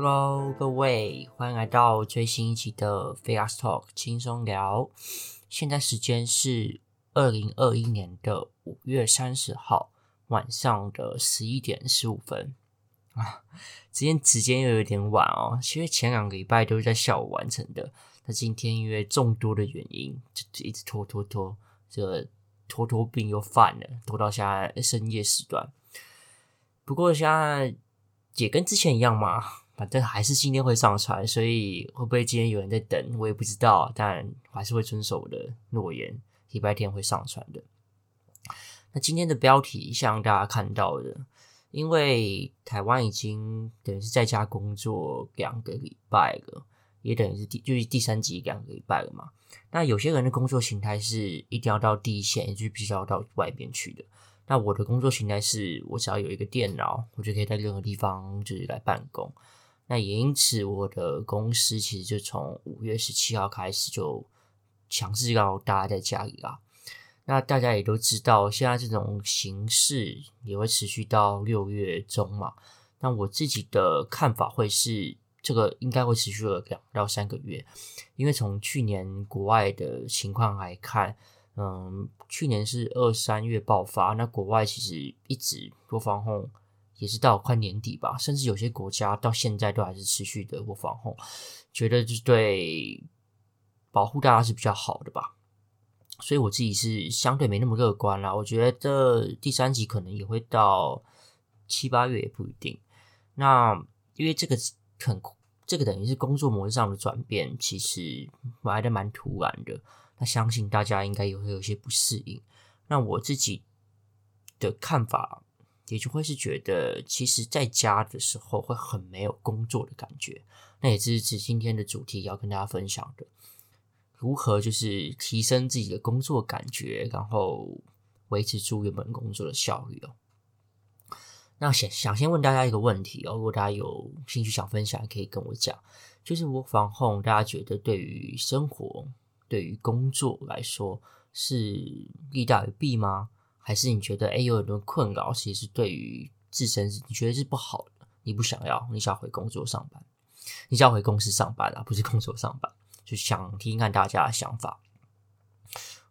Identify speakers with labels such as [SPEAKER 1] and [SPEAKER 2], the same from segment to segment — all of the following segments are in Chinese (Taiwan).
[SPEAKER 1] Hello，各位，歡迎來到最新一期的《FIASTALK》輕鬆聊。現在時間是二零二一年的五月三十號晚上的十一點十五分啊。今天時間又有點晚哦，其實前兩個禮拜都是在下午完成的。那今天因為眾多的原因，就一直拖拖拖，這個拖拖病又犯了，拖到現在深夜時段。不過現在也跟之前一樣嘛。反正還是今天會上傳，所以會不會今天有人在等，我也不知道。但我還是會遵守我的諾言，禮拜天會上傳的。那今天的標題，像大家看到的，因為台灣已經等於是在家工作兩個禮拜了，也等於是第就是第三集兩個禮拜了嘛。那有些人的工作形態是一定要到第一線，也就是必須要到外面去的。那我的工作形態是我只要有一個電腦，我就可以在任何地方就是來辦公。那也因此，我的公司其實就從五月十七號開始就強制要大家在家裡啦。那大家也都知道，現在這種形勢也會持續到六月中嘛。那我自己的看法會是，這個應該會持續了兩到三個月，因為從去年國外的情況來看，嗯，去年是二三月爆發，那國外其實一直做防控。也是到快年底吧，甚至有些國家到現在都還是持續的做防控，覺得就是對保護大家是比較好的吧。所以我自己是相對沒那麼樂觀啦，我覺得第三季可能也會到七八月也不一定。那因為這個很這個等於是工作模式上的轉變，其實來得蠻突然的。那相信大家應該也會有些不適應。那我自己的看法也就會是覺得，其實在家的時候會很沒有工作的感覺。那也支持今天的主題要跟大家分享的，如何就是提升自己的工作感覺，然後維持住原本工作的效率哦。那想想先問大家一個問題哦，如果大家有興趣想分享，可以跟我講，就是 WFH，大家覺得對於生活、對於工作來說是利大於弊嗎？還是你覺得哎、欸、有很多困擾，其實對於自身你覺得是不好的，你不想要，你想要回工作上班，你想要回公司上班啊，不是工作上班，就想聽看大家的想法。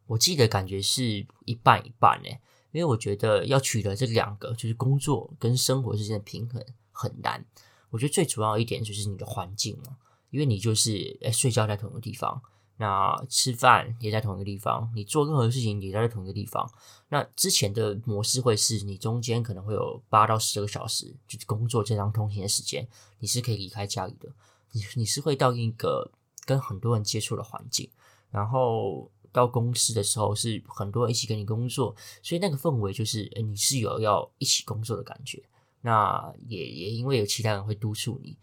[SPEAKER 1] 我自己的感覺是一半一半哎、欸，因為我覺得要取得這兩個就是工作跟生活之間的平衡很難。我覺得最主要一點就是你的環境、喔、因為你就是哎、欸、睡覺在同一個地方。那吃飯也在同一個地方，你做任何事情也在同一個地方。那之前的模式會是你中間可能會有八到十個小時，就是工作加上通勤的時間，你是可以離開家裡的。你你是會到一個跟很多人接觸的環境，然後到公司的時候是很多人一起跟你工作，所以那個氛圍就是、欸，你是有要一起工作的感覺。那也也因為有其他人會督促你，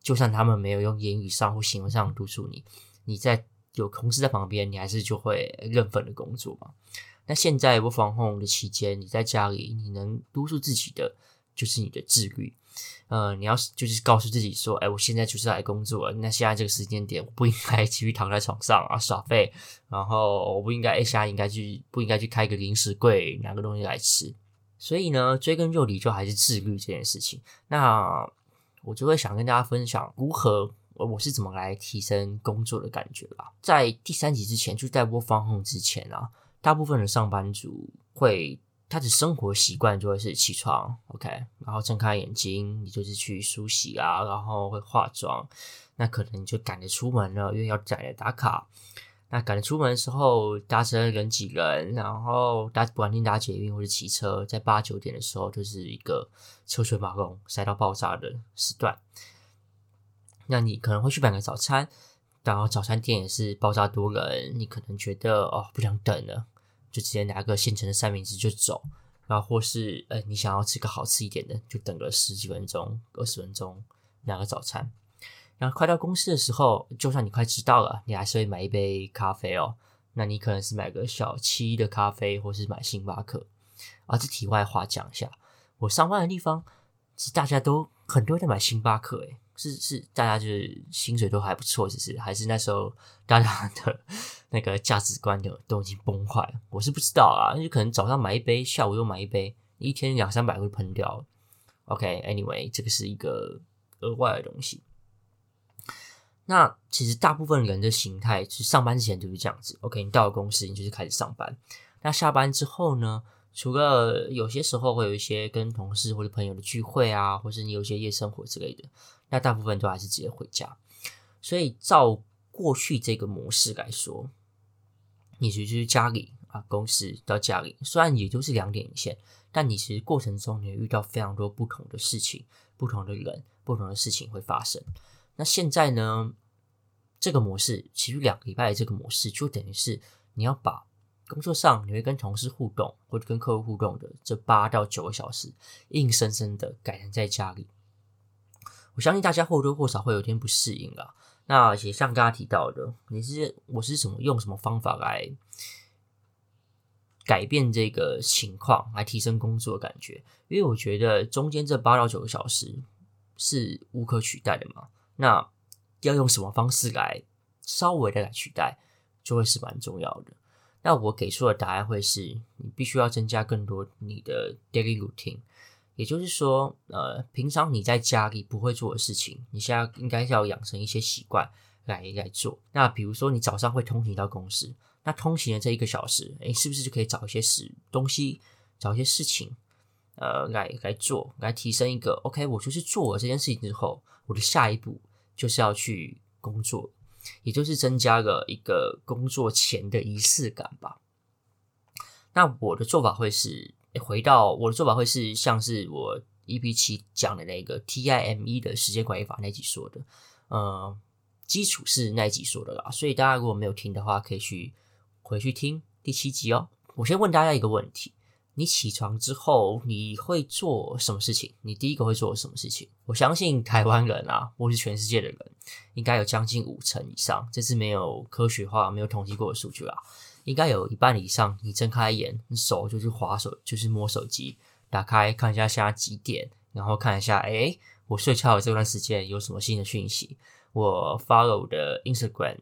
[SPEAKER 1] 就算他們沒有用言語上或行為上督促你，你在。有同事在旁邊，你還是就會認份的工作嘛？那現在我防控的期間，你在家裡，你能督促自己的就是你的自律。呃，你要就是告訴自己說，哎、欸，我現在就是來工作了，那現在這個時間點，我不應該繼續躺在床上啊耍廢，然後我不應該、欸、現在應該去不應該去開個零食櫃拿個東西來吃。所以呢，追根究底，就還是自律這件事情。那我就會想跟大家分享如何。我我是怎麼來提升工作的感覺啦？在第三集之前，就在播放控之前啊，大部分的上班族會他的生活習慣就會是起床，OK，然後睜開眼睛，你就是去梳洗啊，然後會化妝，那可能就趕着出門了，因為要攢着打卡。那趕着出門的時候，搭車人擠人，然後搭不管搭捷運或是騎車，在八九點的時候，就是一個車水馬龍塞到爆炸的時段。那你可能會去買個早餐，然後早餐店也是爆炸多人，你可能覺得哦，不想等了，就直接拿個現成的三明治就走，然後或是呃、欸、你想要吃個好吃一點的，就等個十幾分鐘、二十分鐘拿個早餐。然後快到公司的時候，就算你快遲到了，你還是會買一杯咖啡哦。那你可能是買個小七的咖啡，或是買星巴克。啊，這題外話講一下，我上班的地方是大家都很多人在買星巴克、欸是是，是大家就是薪水都還不錯，只是還是那時候大家的那個價值觀的都已經崩壞了。我是不知道啊，那就可能早上買一杯，下午又買一杯，一天兩三百會噴掉。OK，Anyway，okay，這個是一個額外的東西。那其實大部分人的形態，就是上班之前就是這樣子。OK，你到了公司，你就是開始上班。那下班之後呢，除了有些時候會有一些跟同事或者朋友的聚會啊，或是你有些夜生活之類的。那大部分都還是直接回家，所以照過去這個模式來說，你其實就是家裡啊，公司到家裡，雖然也就是兩點一線，但你其實過程中你會遇到非常多不同的事情、不同的人、不同的事情會發生。那現在呢，這個模式，其實兩個禮拜的這個模式，就等於是你要把工作上你會跟同事互動或者跟客戶互動的這八到九個小時，硬生生的改成在家裡。我相信大家或多或少會有一點不適應啦、啊，那且像剛剛提到的，你是我是怎麼用什麼方法來改變這個情況，來提升工作的感覺？因為我覺得中間這八到九個小時是無可取代的嘛。那要用什麼方式來稍微的來取代，就會是蠻重要的。那我給出的答案會是你必須要增加更多你的 daily routine。也就是說，呃，平常你在家裡不會做的事情，你現在應該要養成一些習慣來來做。那比如說，你早上會通勤到公司，那通勤的這一個小時，誒，是不是就可以找一些事東西，找一些事情，呃，來來做，來提升一個 OK，我就是做了這件事情之後，我的下一步就是要去工作，也就是增加了一個工作前的儀式感吧。那我的做法會是。欸、回到我的做法會是像是我 EP7 講的那個 T I M E 的時間管理法，那幾集說的，呃、嗯，基礎是那一集說的啦，所以大家如果沒有聽的話，可以去回去聽第七集哦、喔。我先問大家一個問題：你起床之後你會做什麼事情？你第一個會做什麼事情？我相信台灣人啊，或是全世界的人，應該有將近五成以上，這是沒有科學化、沒有統計過的數據啦。應該有一半以上，你睜開眼，手就是滑手，就是摸手機，打開看一下現在幾點，然後看一下，哎、欸，我睡覺的這段時間有什麼新的訊息？我 follow 的 Instagram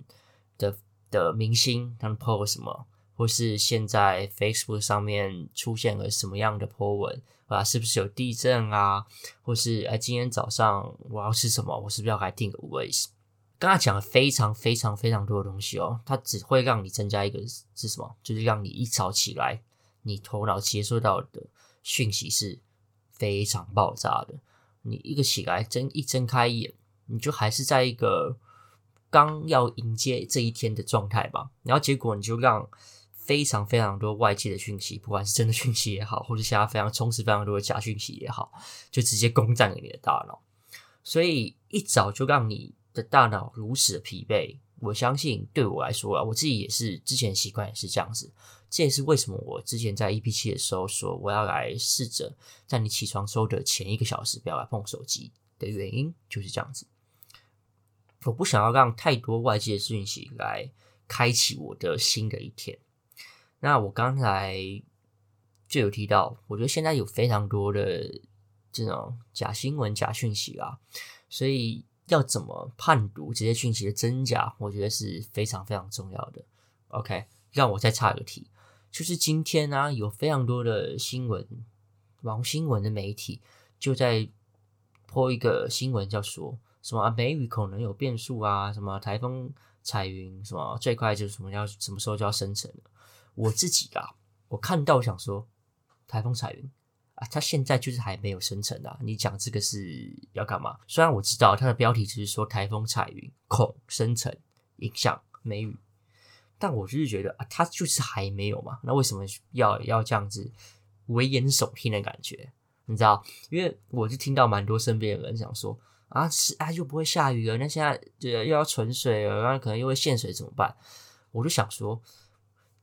[SPEAKER 1] 的的明星他們 post 什麼，或是現在 Facebook 上面出現了什麼樣的 po 文啊？是不是有地震啊？或是哎、啊，今天早上我要吃什麼？我是不是要該定個位？剛才講了非常非常非常多的東西哦，它只會讓你增加一個是什麼？就是讓你一早起來，你頭腦接收到的訊息是非常爆炸的。你一個起來，睜一睜開眼，你就還是在一個剛要迎接這一天的狀態吧。然後結果你就讓非常非常多外界的訊息，不管是真的訊息也好，或者其他非常充斥非常多的假訊息也好，就直接攻占了你的大腦。所以一早就讓你的大腦如此的疲憊，我相信對我來說啊，我自己也是之前習慣也是這樣子，這也是為什麼我之前在 EP7 的時候說我要來試着在你起床後的前一個小時不要來碰手機的原因，就是這樣子。我不想要讓太多外界的訊息來開啟我的新的一天。那我剛才就有提到，我覺得現在有非常多的這種假新聞、假訊息啊，所以。要怎麼判讀這些訊息的真假？我覺得是非常非常重要的。OK，讓我再插個題，就是今天呢、啊、有非常多的新聞，網新聞的媒體就在播一個新聞，叫說什麼啊，梅雨可能有變數啊，什麼颱風彩雲什麼最快就是什麼要什麼時候就要生成了。我自己啦、啊，我看到我想說颱風彩雲。啊，它現在就是還沒有生成的啊。你講這個是要幹嘛？雖然我知道它的標題只是說台風彩雲恐生成影響梅雨，但我就是覺得啊，它就是還沒有嘛。那為什麼要要這樣子危言聳聽的感覺？你知道？因為我就聽到蠻多身邊的人想說啊，是啊，又不會下雨了，那現在又要存水了，那可能又會限水怎麼辦？我就想說。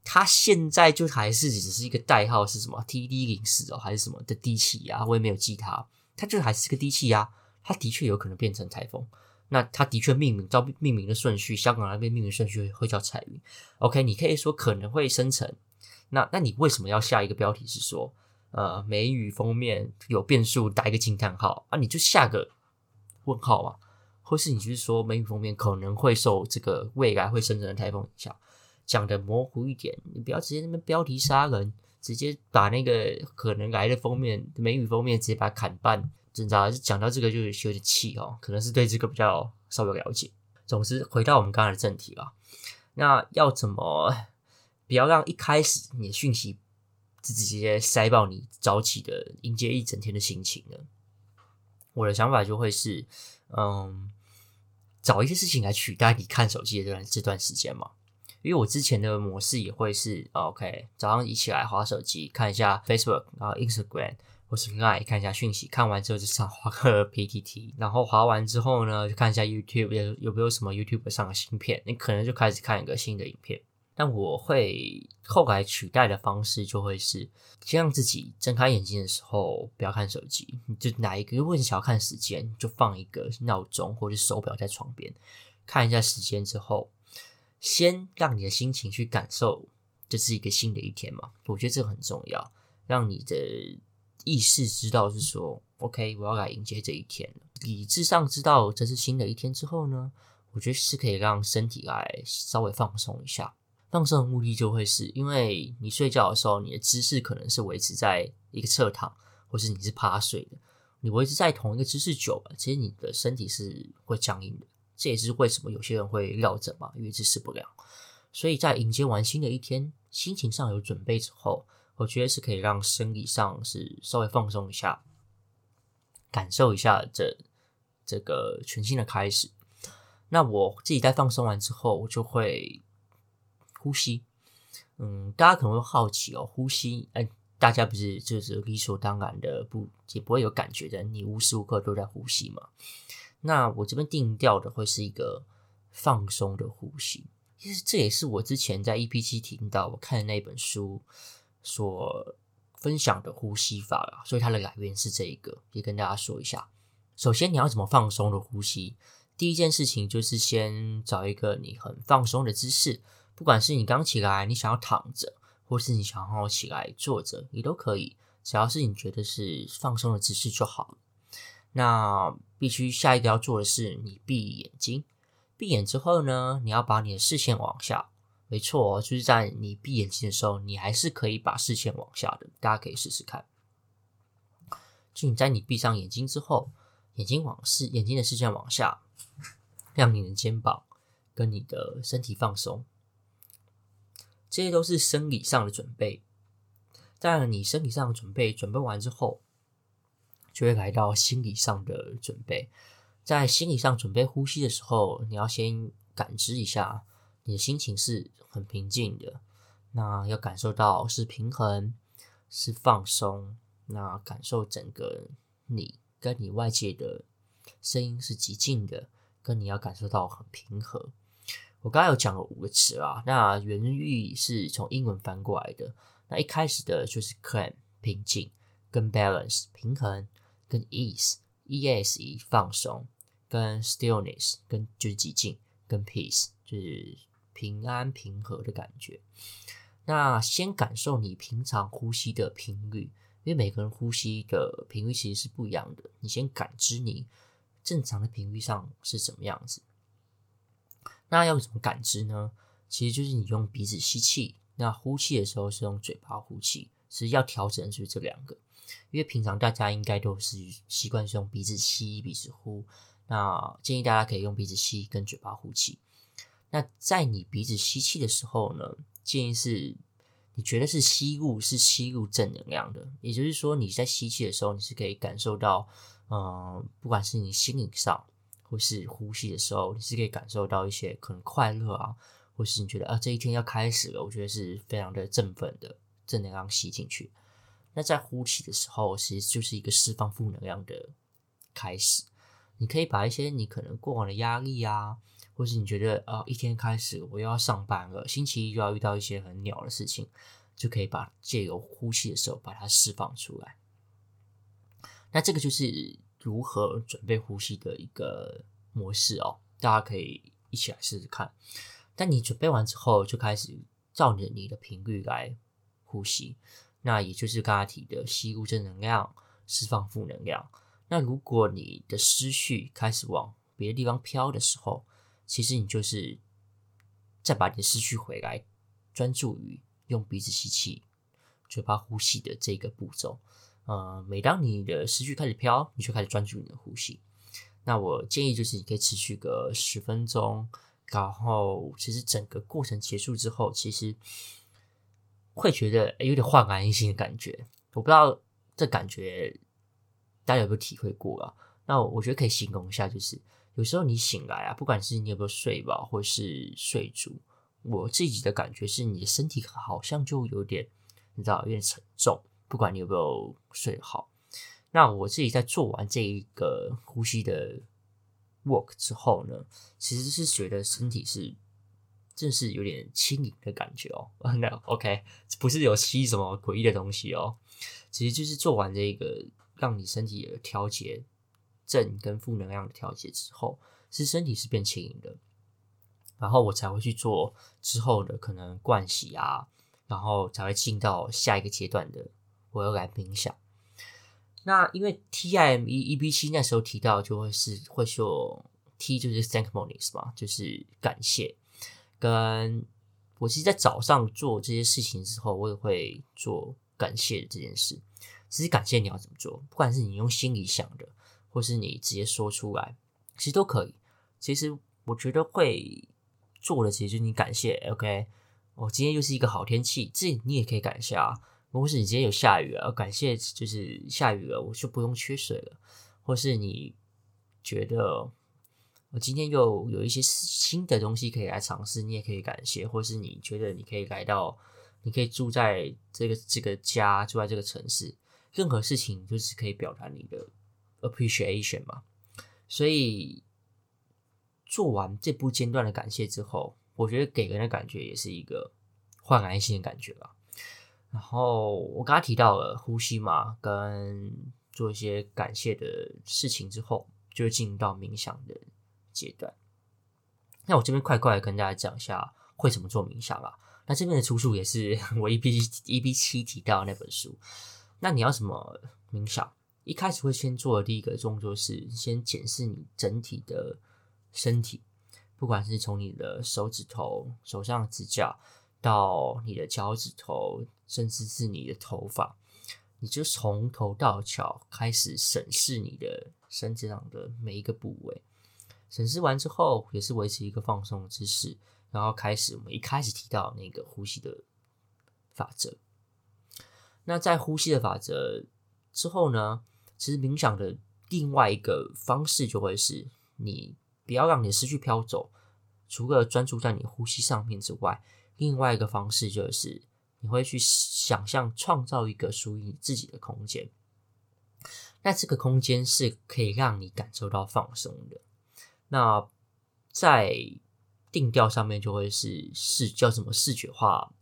[SPEAKER 1] 它現在就還是只是一個代號，是什麼 TD04 哦，還是什麼的低氣壓？我也沒有記它，它就還是個低氣壓。它的確有可能變成台風，那它的確命名，照命名的順序，香港那邊命名順序會叫彩雲。OK，你可以說可能會生成，那那你為什麼要下一個標題是說，呃，梅雨鋒面有變數，打一個驚嘆號啊？你就下個問號嘛，或是你就是說梅雨鋒面可能會受這個未來會生成的台風影響？講得模糊一點，你不要直接在那邊標題殺人，直接把那個可能來的封面美女封面直接把它砍半，真扎講到這個就是有，有點氣哦。可能是對這個比較稍微了解。總之回到我們剛才的正題吧，那要怎麼不要讓一開始你的訊息，直接直接塞爆你早起的迎接一整天的心情呢？我的想法就會是，嗯，找一些事情來取代你看手機的這段這段時間嘛。因為我之前的模式也會是 OK，早上一起來滑手機看一下 Facebook，然後 Instagram，或是 LINE 看一下訊息，看完之後就上滑個 PTT，然後滑完之後呢，就看一下 YouTube 有有沒有什麼 YouTube 上的新片，你可能就開始看一個新的影片。但我會後來取代的方式就會是，先讓自己睜開眼睛的時候不要看手機，就哪一個如果你想要看時間，就放一個鬧鐘或者是手表在床邊，看一下時間之後。先讓你的心情去感受這是一個新的一天嘛，我覺得這個很重要。讓你的意識知道是說，OK，我要來迎接這一天了。理智上知道這是新的一天之後呢，我覺得是可以讓身體來稍微放鬆一下。放鬆的目的就會是因為你睡覺的時候，你的姿勢可能是維持在一個側躺，或是你是趴睡的。你維持在同一個姿勢久了，其實你的身體是會僵硬的。這也是為什麼有些人會繞着嘛，因為支持不了。所以在迎接完新的一天，心情上有準備之後，我覺得是可以讓生理上是稍微放鬆一下，感受一下這這個全新的開始。那我自己在放鬆完之後，我就會呼吸。嗯，大家可能會好奇哦，呼吸？嗯、哎，大家不是就是理所當然的，不，也不會有感覺的？你無時無刻都在呼吸嘛。那我這邊定調的會是一個放鬆的呼吸，其實這也是我之前在 EP7 聽到我看的那本書所分享的呼吸法了，所以它的來源是這一個，也跟大家說一下。首先你要怎麼放鬆的呼吸？第一件事情就是先找一個你很放鬆的姿勢，不管是你剛起來你想要躺着，或是你想要起來坐着，你都可以，只要是你覺得是放鬆的姿勢就好。那必須下一個要做的是，你閉眼睛。閉眼之後呢，你要把你的視線往下。沒錯，就是在你閉眼睛的時候，你還是可以把視線往下的。大家可以試試看。就你在你閉上眼睛之後，眼睛往視，眼睛的視線往下，讓你的肩膀跟你的身體放鬆。這些都是生理上的準備。當然你身體上的準備準備完之後。就會來到心理上的準備，在心理上準備呼吸的時候，你要先感知一下你的心情是很平靜的，那要感受到是平衡，是放鬆，那感受整個你跟你外界的聲音是極近的，跟你要感受到很平和。我剛剛有講了五個詞啊，那原意是從英文翻過來的，那一開始的就是 calm 平靜，跟 balance 平衡。跟 ease e s e ase，放鬆，跟 stillness，跟就是寂靜，跟 peace 就是平安平和的感覺。那先感受你平常呼吸的頻率，因為每個人呼吸的頻率其實是不一樣的。你先感知你正常的頻率上是怎麼樣子。那要怎麼感知呢？其實就是你用鼻子吸氣，那呼氣的時候是用嘴巴呼氣。其實要調整的就是這兩個。因為平常大家應該都是習慣是用鼻子吸，鼻子呼。那建議大家可以用鼻子吸，跟嘴巴呼氣。那在你鼻子吸氣的時候呢，建議是，你覺得是吸入是吸入正能量的，也就是說你在吸氣的時候，你是可以感受到，嗯、呃，不管是你心靈上，或是呼吸的時候，你是可以感受到一些可能快樂啊，或是你覺得啊，這一天要開始了，我覺得是非常的振奮的正能量吸進去。那在呼氣的時候，其實就是一個釋放負能量的開始。你可以把一些你可能過往的壓力啊，或是你覺得啊、哦，一天開始我又要上班了，星期一又要遇到一些很鳥的事情，就可以把借由呼吸的時候把它釋放出來。那這個就是如何準備呼吸的一個模式哦，大家可以一起來試試看。但你準備完之後，就開始照着你的頻率來呼吸。那也就是剛剛提的，吸入正能量，釋放負能量。那如果你的思緒開始往別的地方飄的時候，其實你就是再把你的思緒回來，專注於用鼻子吸氣、嘴巴呼吸的這個步驟。呃、嗯，每當你的思緒開始飄，你就開始專注你的呼吸。那我建議就是，你可以持續個十分鐘，然後其實整個過程結束之後，其實。會覺得有點煥然一新的感覺，我不知道這感覺大家有沒有體會過啊？那我覺得可以形容一下，就是有時候你醒來啊，不管是你有沒有睡飽，或是睡足，我自己的感覺是你的身體好像就有點，你知道有點沉重，不管你有沒有睡好。那我自己在做完這一個呼吸的 work 之後呢，其實是覺得身體是。正是有點輕盈的感覺哦、喔。No，OK，、okay, 不是有吸什麼詭異的東西哦、喔。其實就是做完這一個讓你身體的調節正跟負能量的調節之後，是身體是變輕盈的。然後我才會去做之後的可能盥洗啊，然後才會進到下一個階段的我要來冥想。那因為 T I M E E B C 那時候提到就會是會說 T 就是 thankfulness 嘛，就是感謝。跟我其實，在早上做這些事情之後，我也會做感謝這件事。其實感謝你要怎麼做，不管是你用心裡想的，或是你直接說出來，其實都可以。其實我覺得會做的，其實就是你感謝。OK，我、oh, 今天又是一個好天氣，這你也可以感謝啊。或是你今天有下雨啊，感謝就是下雨了，我就不用缺水了。或是你覺得。我今天又有一些新的東西可以來嘗試，你也可以感謝，或是你覺得你可以來到，你可以住在這個這個家，住在這個城市，任何事情就是可以表達你的 appreciation 嘛。所以做完這不間斷的感謝之後，我覺得給人的感覺也是一個煥然一新的感覺吧。然後我剛剛提到了呼吸嘛，跟做一些感謝的事情之後，就進入到冥想的階段，那我這邊快快的跟大家講一下會怎麼做冥想啊。那這邊的出處也是我 EP、EP7 提到那本書。那你要什麼冥想？一開始會先做的第一個動作是先檢視你整體的身體，不管是從你的手指頭、手上的指甲，到你的腳趾頭，甚至是你的頭髮，你就從頭到腳開始審視你的身體上的每一個部位。審視完之後，也是維持一個放鬆的姿勢，然後開始我們一開始提到那個呼吸的法則。那在呼吸的法則之後呢，其實冥想的另外一個方式就會是你不要讓你思緒飄走，除了專注在你呼吸上面之外，另外一個方式就是你會去想象創造一個屬於你自己的空間。那這個空間是可以讓你感受到放鬆的。那在定調上面就會是視，叫什麼視覺化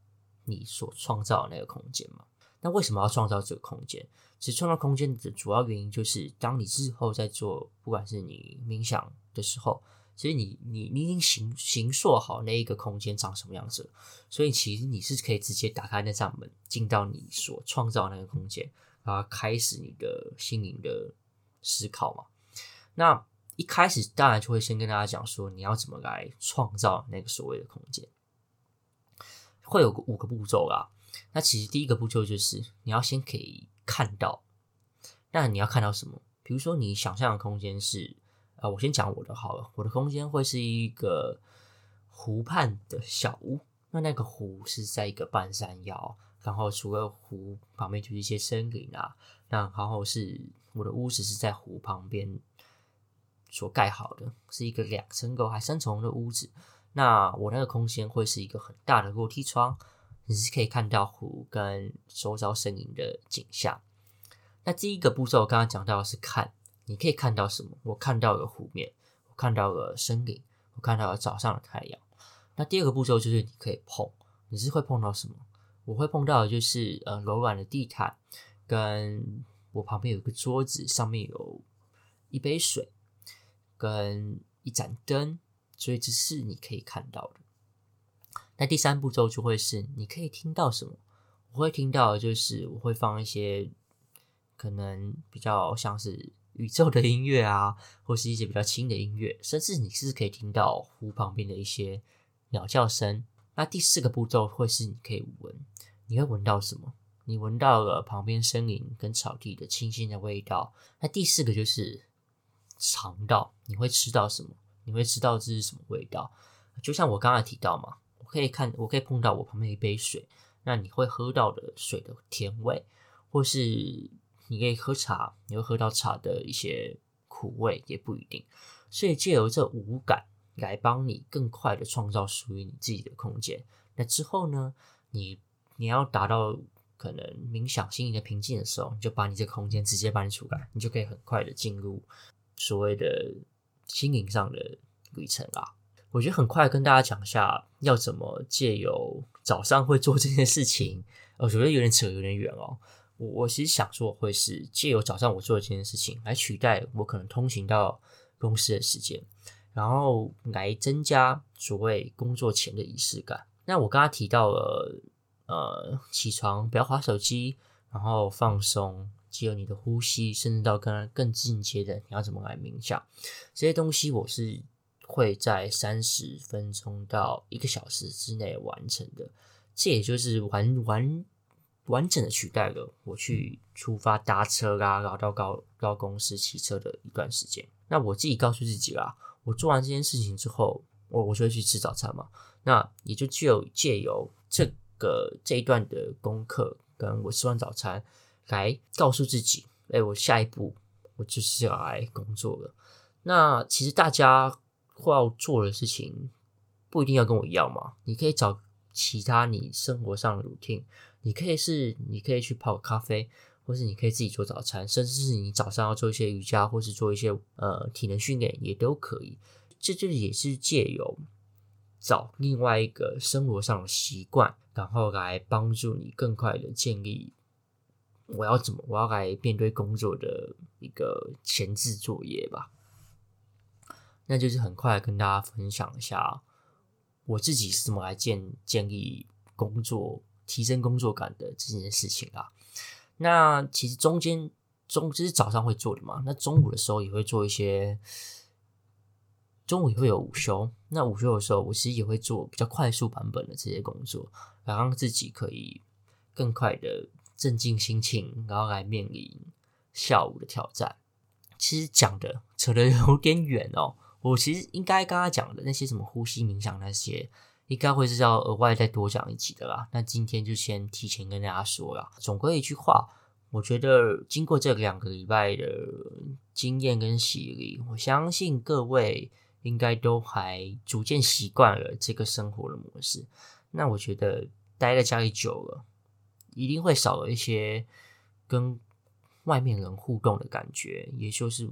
[SPEAKER 1] 你所創造的那個空間嘛。那為什麼要創造這個空間？其實創造空間的主要原因就是，當你之後在做，不管是你冥想的時候，其實你你你已經形形塑好那一個空間長什麼樣子了，所以其實你是可以直接打開那扇門，進到你所創造的那個空間，然後開始你的心靈的思考嘛。那。一開始當然就會先跟大家講說，你要怎麼來創造那個所謂的空間，會有個五個步驟啦。那其實第一個步驟就是你要先可以看到，那你要看到什麼？比如說你想象的空間是，呃，我先講我的好了，我的空間會是一個湖畔的小屋。那那個湖是在一個半山腰，然後除了湖旁邊就是一些森林啊。那然後是我的屋子是在湖旁邊。所蓋好的是一個兩層樓還三層樓的屋子。那我那個空間會是一個很大的落地窗，你是可以看到湖跟周遭森林的景象。那第一個步驟我剛剛講到的是看，你可以看到什麼？我看到有湖面，我看到了森林，我看到了早上的太陽。那第二個步驟就是你可以碰，你是會碰到什麼？我會碰到的就是呃柔軟的地毯，跟我旁邊有一個桌子，上面有一杯水。跟一盞燈，所以這是你可以看到的。那第三步驟就會是你可以聽到什麼？我會聽到的就是我會放一些可能比較像是宇宙的音樂啊，或是一些比較輕的音樂，甚至你是可以聽到湖旁邊的一些鳥叫聲。那第四個步驟會是你可以聞，你會聞到什麼？你聞到了旁邊森林跟草地的清新的味道。那第四個就是。嘗到你會吃到什麼？你會知道這是什麼味道？就像我剛才提到嘛，我可以看，我可以碰到我旁邊一杯水，那你會喝到的水的甜味，或是你可以喝茶，你會喝到茶的一些苦味，也不一定。所以借由這五感來幫你更快地創造屬於你自己的空間。那之後呢？你你要達到可能冥想心靈的平靜的時候，你就把你這個空間直接搬出來，你就可以很快地進入。所謂的心靈上的旅程啊，我覺得很快跟大家講一下要怎麼借由早上會做這件事情，我覺得有點扯，有點遠哦。我我其實想說會是借由早上我做這件事情來取代我可能通勤到公司的時間，然後來增加所謂工作前的儀式感。那我剛剛提到了，呃，起床不要滑手機，然後放鬆。只有你的呼吸，甚至到更更進階的，你要怎麼來冥想？這些東西我是會在三十分鐘到一個小時之內完成的。這也就是完完完整的取代了我去出發搭車啦，啊，然後到高到公司騎車的一段時間。那我自己告訴自己啦，我做完這件事情之後，我我就會去吃早餐嘛。那也就只有借由這個這一段的功課，跟我吃完早餐。來告訴自己，哎、欸，我下一步，我就是要來工作了。那其實大家會要做的事情不一定要跟我一樣嘛，你可以找其他你生活上的 routine，你可以是你可以去泡咖啡，或是你可以自己做早餐，甚至是你早上要做一些瑜伽，或是做一些呃體能訓練也都可以。這就是也是借由找另外一個生活上的習慣，然後來幫助你更快的建立，我要怎麼？我要來面對工作的一個前置作業吧。那就是很快跟大家分享一下我自己是怎麼來建建立工作、提升工作感的這件事情啊。那其實中間中午就是早上會做的嘛，那中午的時候也會做一些，中午也會有午休。那午休的時候，我其實也會做比較快速版本的這些工作，來讓自己可以更快的。鎮靜心情，然後來面臨下午的挑戰。其實講的扯得有點遠哦，我其實應該剛剛講的那些什麼呼吸冥想那些，應該會是要額外再多講一集的啦。那今天就先提前跟大家說啦，總歸一句話，我覺得經過這兩個禮拜的經驗跟洗禮，我相信各位應該都還逐漸習慣了這個生活的模式。那我覺得待在家裡久了。一定會少了一些跟外面人互動的感覺，也就是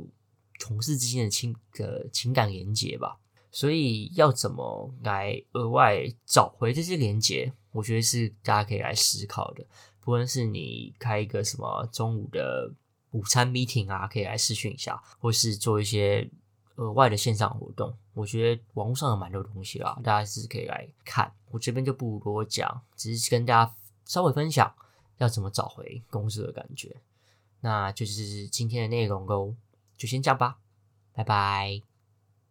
[SPEAKER 1] 同事之間的情呃、情感連接吧。所以要怎麼來額外找回這些連接，我覺得是大家可以來思考的。不論是你開一個什麼中午的午餐 meeting 啊，可以來視訊一下，或是做一些額外的線上活動，我覺得網絡上有蠻多東西啦，大家是可以來看。我這邊就不多講，只是跟大家。稍微分享要怎麼找回公司的感覺，那就是今天的內容嘍。就先這樣吧，拜拜。